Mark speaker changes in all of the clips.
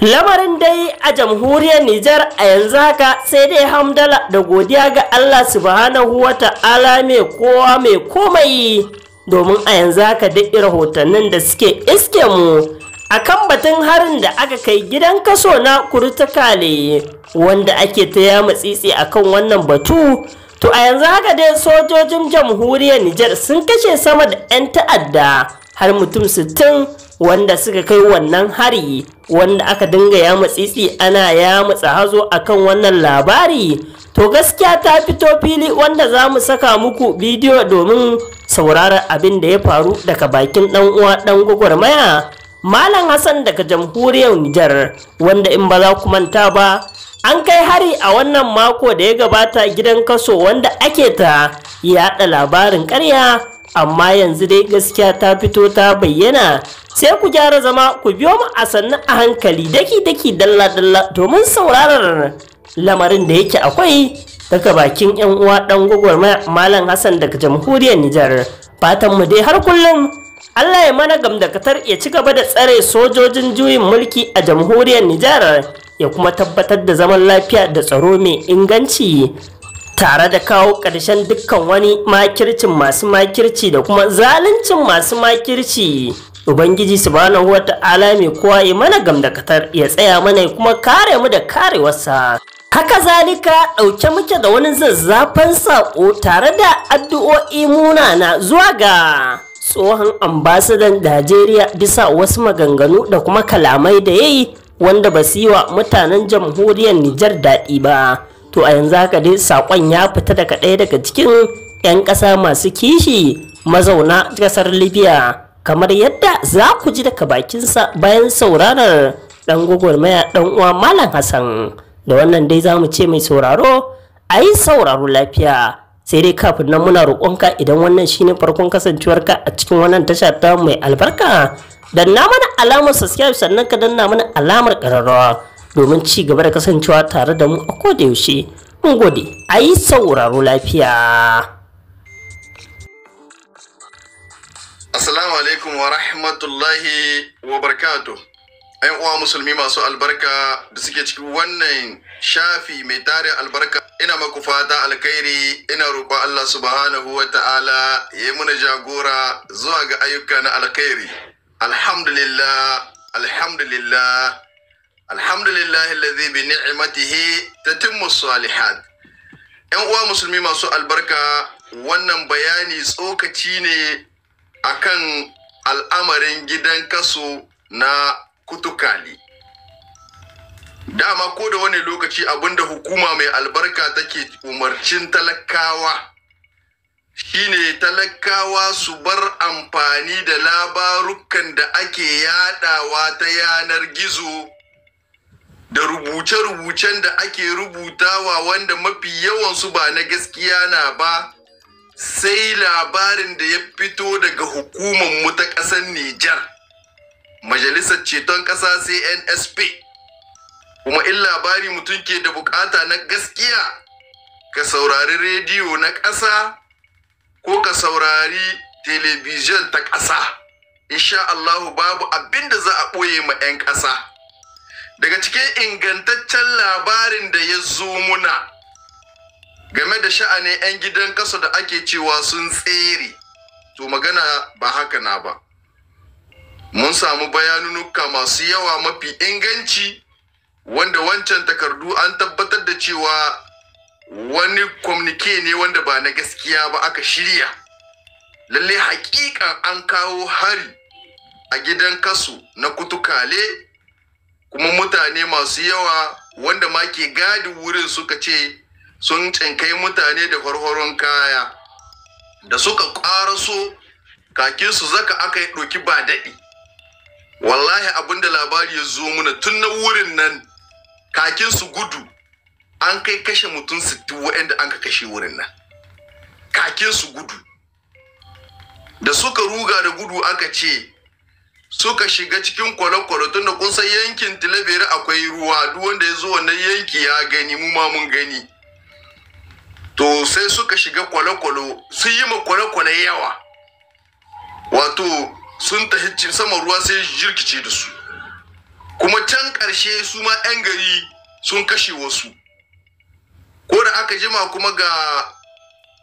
Speaker 1: lamarin dai a jamhuriyar Nijar a yanzu haka sai dai hamdala da godiya ga Allah subhanahu wa ta'ala mai kowa mai komai domin a yanzu haka duk rahotannin da suke iske mu kan batun harin da aka kai gidan kaso na kurtukale wanda ake ta yamu tsitsi kan wannan batu to a yanzu haka dai sojojin jamhuriyar Nijar sun kashe sama da 'yan ta'adda har mutum sittin. wanda suka kai wannan hari wanda aka dinga ya matsitsi ana ya matsa hazo akan wannan labari to gaskiya ta fito fili wanda za mu saka muku bidiyo domin sauraron abin da ya faru daga bakin dan uwa dan gwagwarmaya malam hassan daga jamhuriyar nijar wanda in ba za ku manta ba an kai hari a wannan mako da ya gabata gidan kaso wanda ake ta yaɗa labarin karya amma yanzu dai gaskiya ta fito ta bayyana sai ku gyara zama ku biyo mu a sannu a hankali daki-daki dalla-dalla domin sauraron lamarin da yake akwai daga bakin 'yan uwa dan gwagwarmaya malam hassan daga jamhuriyar nijar fatan mu dai har kullum allah ya mana gamdakatar ya ci gaba da tsare sojojin juyin mulki a jamhuriyar nijar ya kuma tabbatar da zaman lafiya da tsaro mai inganci tare da kawo ƙarshen dukkan wani makircin masu makirci da kuma zaluncin masu makirci ubangiji subhanahu wa ta'ala mai kowa ya mana gamdakatar ya tsaya mana ya kuma kare mu da karewarsa haka zalika ɗauke muke da wani zazzafan saƙo tare da addu'o'i munana zuwa ga tsohon ambasadan najeriya bisa wasu maganganu da kuma kalamai da ya yi wanda ba su yi wa mutanen jamhuriyar nijar daɗi ba to a yanzu haka dai sakon ya fita daga ɗaya daga cikin 'yan ƙasa masu kishi mazauna ƙasar libya kamar yadda za ku ji daga bakinsa bayan sauranar ɗan gwagwarmaya ɗan uwa malam hassan da wannan dai za mu ce mai sauraro a yi sauraro lafiya sai dai kafin nan muna roƙonka idan wannan shine farkon kasancewarka a cikin wannan tasha ta mai albarka danna mana alamar subscribe sannan ka danna mana alamar ƙararrawa domin ci gaba da kasancewa tare da mu a kodayaushe mun gode a yi sauraro lafiya
Speaker 2: Assalamu alaikum wa rahmatullahi wa barkato. ‘Yan uwa musulmi masu albarka da suke cikin wannan shafi mai tarin albarka ina maku fata alkhairi ina roƙon Allah subhanahu wa ta'ala ya yi muna jagora zuwa ga ayyuka na alkhairi. Alhamdulillah, alhamdulillah, alhamdulillah alladhi bi ni'matihi tatimmu salihat yan uwa musulmi masu albarka wannan bayani tsokaci ne akan al'amarin gidan kaso na kutukali dama ko da wani lokaci abinda hukuma mai albarka take umarcin talakawa shine talakawa su bar amfani da labarukan da ake yaɗawa ta yanar gizo da rubuce-rubucen da ake rubutawa wanda mafi yawansu ba na gaskiya na ba sai labarin da ya fito daga hukumar mu ta ƙasar Nijar majalisar ceton ƙasa CNSP kuma in labari mutum ke da bukata na gaskiya ka saurari rediyo na ƙasa ko ka saurari telebijin ta ƙasa insha Allahu babu abin da za a ɓoye ma 'yan ƙasa. daga cikin ingantaccen labarin da ya zo muna game da sha'ani 'yan gidan kasa da ake cewa sun tsere to magana ba haka na ba mun samu bayanunuka masu yawa mafi inganci wanda wancan takardu an tabbatar da cewa wani kwamnike ne wanda ba na gaskiya ba aka shirya lalle hakikan an kawo hari a gidan kasu na kutukale kuma mutane masu yawa wanda ma ke gadi wurin suka ce sun cinkai mutane da farhoron kaya da suka ƙaraso kakin su zaka aka yi ɗoki ba daɗi wallahi abinda labari ya zo muna tun na wurin nan kakin su gudu an kai kashe mutum sittin waɗanda an ka kashe wurin nan kakin su gudu da suka ruga da gudu aka ce suka shiga cikin kwale-kwale tunda kun san yankin tilabere akwai ruwa duk wanda ya zo wannan yanki ya gani mu ma mun gani to sai suka shiga kwale-kwale sun yi ma kwale-kwale yawa wato sun tahi sama ruwa sai jirkice da su kuma can ƙarshe su ma 'yan gari sun kashe wasu ko da aka jima kuma ga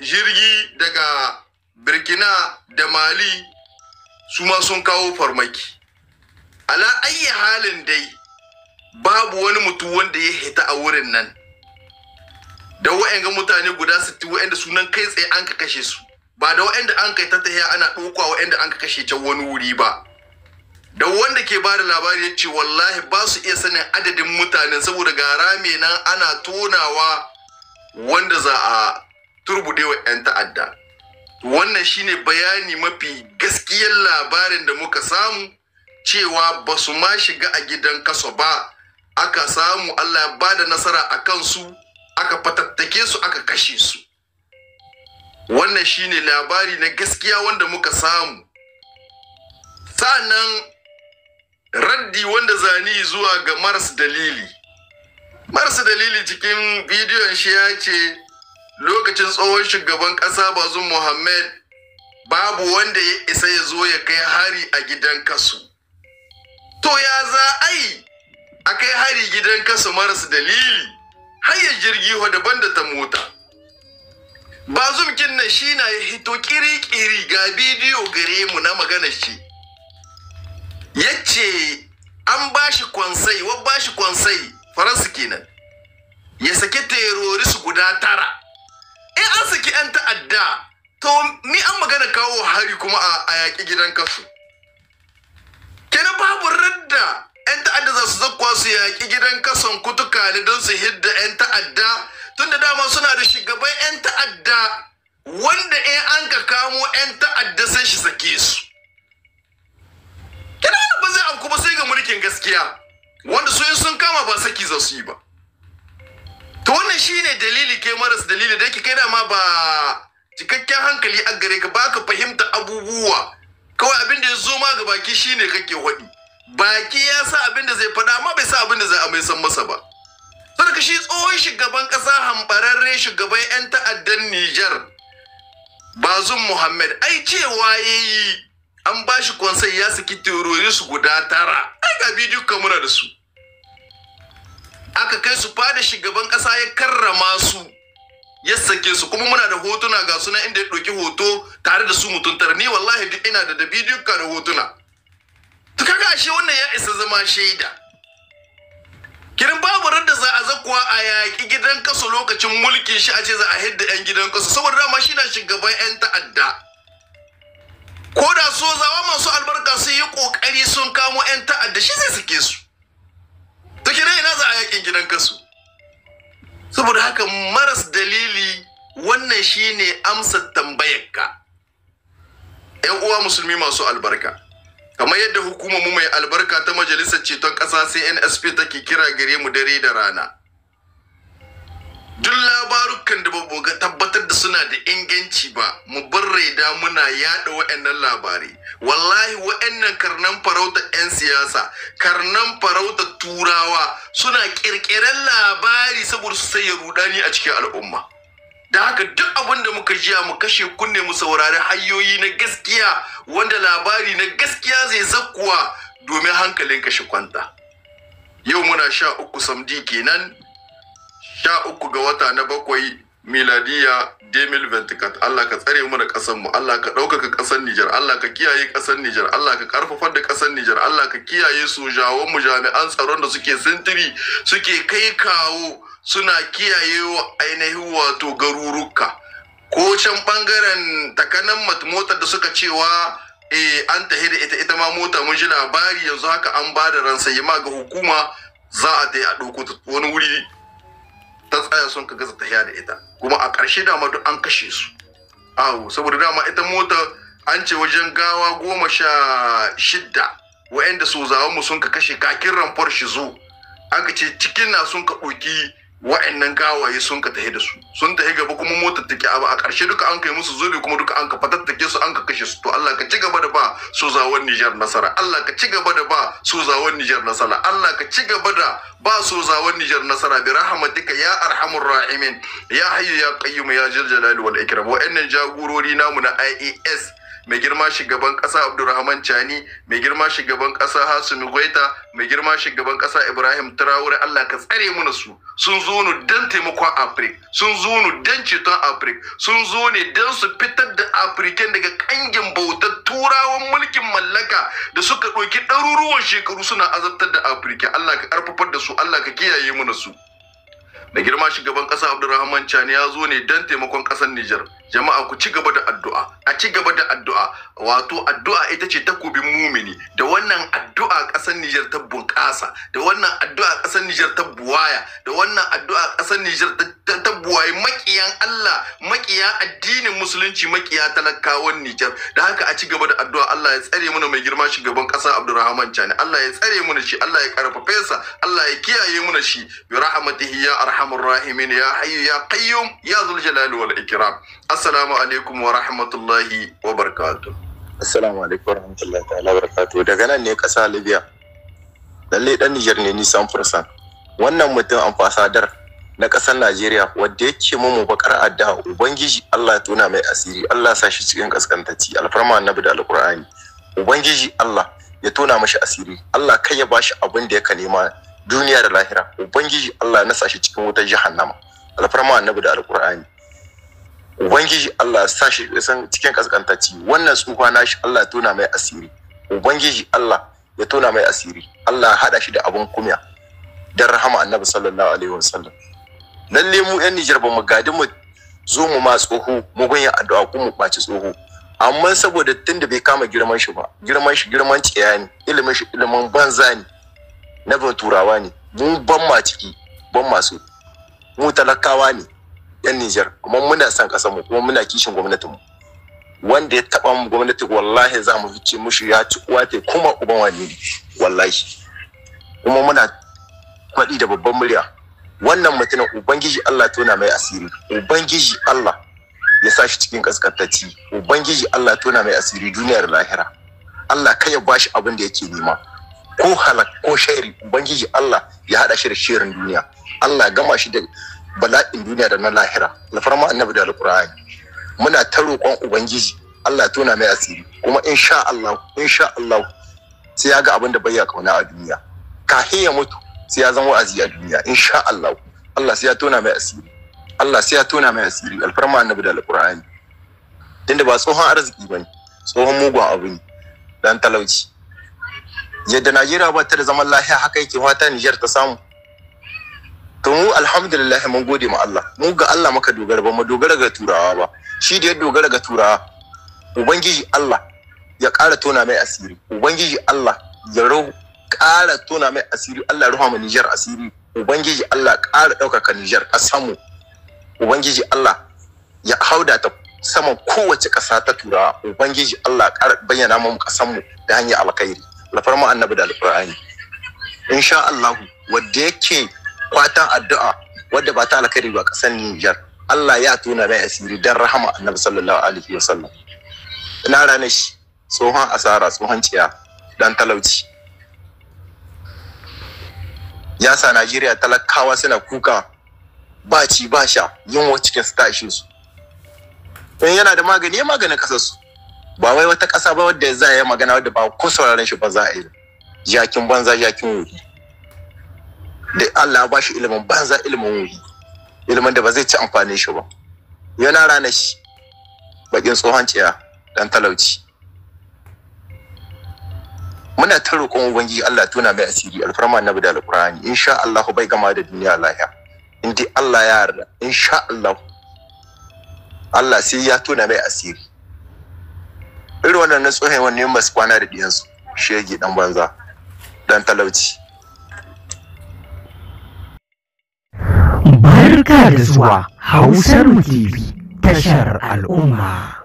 Speaker 2: jirgi daga burkina da mali su ma sun kawo farmaki ala ayi halin dai babu wani mutum wanda ya hita a wurin nan da wa'anga mutane guda 60 wa'anda sunan kai tsaye an ka kashe su ba da wa'anda an kai ta tahiya ana ɗauka wa'anda an ka kashe can wani wuri ba da wanda ke bada labari ya ce wallahi ba su iya sanin adadin mutanen saboda ga rame nan ana tonawa wanda za a turbudewa 'yan ta'adda wannan shine bayani mafi gaskiyar labarin da muka samu cewa ba su ma shiga a gidan kaso ba aka samu Allah ba da nasara a kansu aka fatattake su aka kashe su wannan shine labari na gaskiya wanda muka samu sa'annan raddi wanda zani zuwa ga maras dalili maras dalili cikin bidiyon shi ya ce lokacin tsohon shugaban ƙasa Bazun muhammad babu wanda ya isa ya zo ya kai hari a gidan kasu to ya za a yi a kai hari gidan kasu maras dalili har ya jirgi daban da ta mota bazum na shi na ya hito kiri-kiri ga bidiyo gare mu na magana shi ya ce an ba shi kwansai wa ba shi kwansai faransu kenan ya saki terorist guda tara in an saki 'yan ta'adda to ni an magana kawo hari kuma a yaƙi gidan kasu kenan babu radda 'yan ta'adda za su zakwa su yaƙi gidan kasan ne don su hidda 'yan ta'adda tun da dama suna da shugaban 'yan ta'adda wanda in an ka kamo 'yan ta'adda sai shi sake su kenan ba zai an kuma sai ga mulkin gaskiya wanda su sun kama ba saki za su yi ba to wannan shine dalili ke maras dalili da yake kai dama ba cikakken hankali a gare ka baka fahimta abubuwa kawai abin da ya zo ma ga baki shine kake hodi baki ya sa abin da zai faɗa amma bai sa abin da zai amai san masa ba sarki shi tsohon shugaban ƙasa hambararre shugaban 'yan ta'addan Nijar Bazum Muhammad ai cewa yayi an bashi konsai ya saki su guda tara ai ga bidiyo kamar da su aka kai su fada shugaban kasa ya karrama su ya sake su kuma muna da hotuna ga suna inda ya ɗauki hoto tare da su mutum ni wallahi duk ina da da bidiyoka da hotuna to kaga ashe wannan ya isa zama shaida kirin babu radda za a zakuwa a yaƙi gidan kasa lokacin mulkin shi a ce za a hidda 'yan gidan kasa saboda dama shi na shugaban 'yan ta'adda ko da so zawa masu albarka sun yi ƙoƙari sun kamo 'yan ta'adda shi zai sake su kenan ina za a yakin gidan kasu saboda haka maras dalili wannan shine amsa tambayarka yan uwa musulmi masu albarka kamar yadda hukumar mu mai albarka ta majalisar ceton ƙasa sai nsp take kira gare mu dare da rana duk labarukan da babu ga tabbatar da suna da inganci ba mu bar raida muna yada wa'annan labari. wallahi wa'annan karnan farauta 'yan siyasa karnan farauta turawa suna kirkiren labari saboda su sai ya rudani a cikin al'umma da haka duk abin da muka jiya mu kashe kunne mu saurari hanyoyi na gaskiya wanda labari na gaskiya zai zakkuwa domin hankalin kashe kwanta yau muna sha uku samdi kenan sha uku ga wata na bakwai miladiya 2024 Allah ka tsare mu da ƙasar mu Allah ka ɗaukaka ƙasar Nijar Allah ka kiyaye ƙasar Nijar Allah ka ƙarfafar da ƙasar Nijar Allah ka kiyaye su jawon mu jami'an tsaron da suke sintiri suke kai kawo suna kiyaye ainihin wato garuruka ko can bangaren takanan motar da suka cewa eh an tahi da ita ita ma mota mun ji labari yanzu haka an ba da ransa ma ga hukuma za a dai a ɗauko wani wuri ta tsaya sun ka gaza tafiya da ita kuma a ƙarshe dama duk an kashe su awo saboda dama ita mota an ce wajen gawa goma sha shidda wa'anda sozawanmu sun ka kashe kakin ramfar shi zo aka ce cikin na sun ka ɗauki wa'annan gawaye sun ka tahe da su sun tahi gaba kuma motar take abu a ƙarshe duka an kai musu zobe kuma duka an ka fatattake su an ka kashe su to Allah ka ci gaba da ba zawon Nijar nasara Allah ka ci gaba da ba zawon Nijar nasara Allah ka ci gaba da ba zawon Nijar nasara bi rahmatika ya arhamur rahimin ya hayyu ya qayyum ya jal jalali wal ikram wa'annan jagorori namu na IAS mai girma shugaban ƙasa Abdulrahman chani mai girma shugaban ƙasa hasumi gwaita mai girma shugaban ƙasa ibrahim traore allah ka tsare mana su sun zo ne don taimakon afirik sun zo ne don ceton afirik sun zo ne don su fitar da afirikan daga kangin bautar turawan mulkin mallaka da suka ɗauki ɗaruruwan shekaru suna azabtar da afirka allah ka ƙarfafar da su allah ka kiyaye mana su da girma shugaban ƙasa Abdulrahman chani ya zo ne don taimakon kasar nijar jama'a ku ci gaba da addu'a a ci gaba da addu'a wato addu'a ita ce takobin mumini da wannan addu'a kasar nijar ta bunƙasa da wannan addu'a kasar nijar ta buwaya da wannan addu'a kasar nijar ta buwaya, makiyan allah makiya addinin musulunci maƙiya talakawan nijar da haka a ci gaba da addu'a allah ya tsare mana mai girma shugaban kasa Abdulrahman chani allah ya tsare mana shi allah ya karfafe sa allah ya kiyaye mana shi bi rahmatihi ya arham arhamur rahimin ya hayyu ya qayyum ya jalali wal ikram assalamu alaikum
Speaker 3: daga nan ne kasa libya lalle dan Niger ne nisan fursan wannan mutum ambasadar na kasar Najeriya wadda yake mu bakar adda ubangiji Allah ya tona mai asiri Allah sa shi cikin kaskantaci alfarma annabi da alqur'ani ubangiji Allah ya tona mashi asiri Allah kai ya bashi abin da ya nema duniya da lahira ubangiji Allah ya nasa shi cikin wutar jahannama alfarma annabi da alqur'ani ubangiji Allah ya sa shi san cikin kaskantacci wannan tsufa nashi Allah ya tona mai asiri ubangiji Allah ya tona mai asiri Allah ya hada shi da abun kumya dan rahama annabi sallallahu alaihi wasallam lalle mu yan Nijar ba mu gadi mu zo mu ma tsoho mu gunya addu'a ko mu baci tsoho amma saboda tunda bai kama girman shi ba girman shi girman tsaya ne ilimin shi ilimin banza ne na ban turawa ne mu ban ma ciki ban masu mu talakawa ne yan Nijar kuma muna son kasar mu kuma muna kishin gwamnatin mu wanda ya taba mu gwamnati wallahi za mu fice mushi ya ci uwa te kuma uban wani wallahi kuma muna faɗi da babban murya wannan mutumin ubangiji Allah tona mai asiri ubangiji Allah ya sa shi cikin kaskantacci ubangiji Allah tona mai asiri duniyar lahira Allah kai ya bashi abin da yake nema ko halak ko shari ubangiji Allah ya hada shi da shirin duniya Allah ya gama shi da bala'in duniya da na lahira alfarma annabi da alqur'ani muna ta roƙon ubangiji Allah tona mai asiri kuma insha Allah insha Allah sai ya ga abin da bai ya kauna a duniya Ka ya mutu sai ya zama wa'azi a duniya insha Allah Allah sai ya tona mai asiri Allah sai ya tona mai asiri alfarma annabi da alqur'ani tunda ba tsohon arziki bane tsohon mugun abu ne dan talauci yadda najeriya ba ta da zaman lahiya haka yake fata nijar ta samu to mu alhamdulillah mun gode ma Allah mu ga Allah maka dogara ba mu dogara ga turawa ba shi da ya dogara ga turawa ubangiji Allah ya ƙara tona mai asiri ubangiji Allah ya ƙara tona mai asiri Allah ruha mu Nijar asiri ubangiji Allah ƙara ɗaukaka Nijar ƙasanmu ubangiji Allah ya hauda ta saman kowace ƙasa ta turawa ubangiji Allah ƙara bayyana mu ƙasanmu da hanyar alkhairi alfarma annabi da alqur'ani insha Allah wanda yake kwatan addu'a wadda ba ta alkhairi ba kasan Niger Allah ya tona mai asiri dan rahama annabi sallallahu alaihi sallam ina ranar shi tsohon asara tsohon ciya dan talauci ya sa Najeriya talakawa suna kuka ba ci ba sha yin yunwa cikin su tashin su in yana da magani ya maganin kasar su ba wai wata ƙasa ba wadda za a yi magana wadda ba ko sauraron shi ba za a yi jakin banza jakin wuri da Allah ba shi ilimin banza ilimin wuri ilimin da ba zai ci amfani shi ba yana rana shi bakin tsohon ciya dan talauci muna ta roƙon ubangi Allah tuna mai asiri alfarma annabi da alqur'ani insha Allah bai gama da duniya lahiya in Allah ya yarda insha Allah Allah sai ya tuna mai asiri irin wannan tsohon wannan masu kwana da ɗiyansu shege dan banza dan talauci
Speaker 1: barka da zuwa hausar tv tashar al'umma